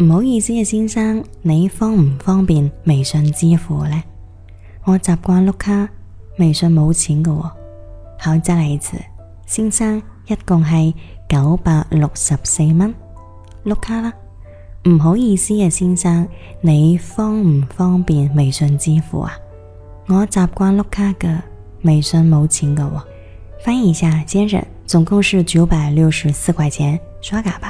唔好意思啊，先生，你方唔方便微信支付呢？我習慣碌卡，微信冇錢噶喎。好，再嚟一次，先生，一共係九百六十四蚊，碌卡啦。唔好意思啊，先生，你方唔方便微信支付啊？我習慣碌卡噶，微信冇錢噶喎。翻譯一下，先生，總共是九百六十四塊錢，刷卡吧。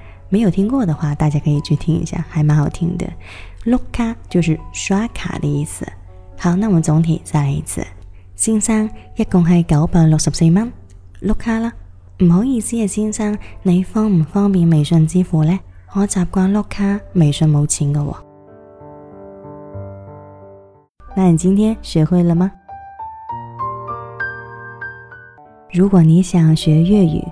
沒有聽過的話，大家可以去聽一下，還蠻好聽的。碌卡就是刷卡的意思。好，那我們總體再來一次。先生，一共係九百六十四蚊，碌卡啦。唔好意思啊，先生，你方唔方便微信支付呢？我習慣碌卡，微信冇錢嘅喎。那你今天學會了嗎？如果你想學粵語。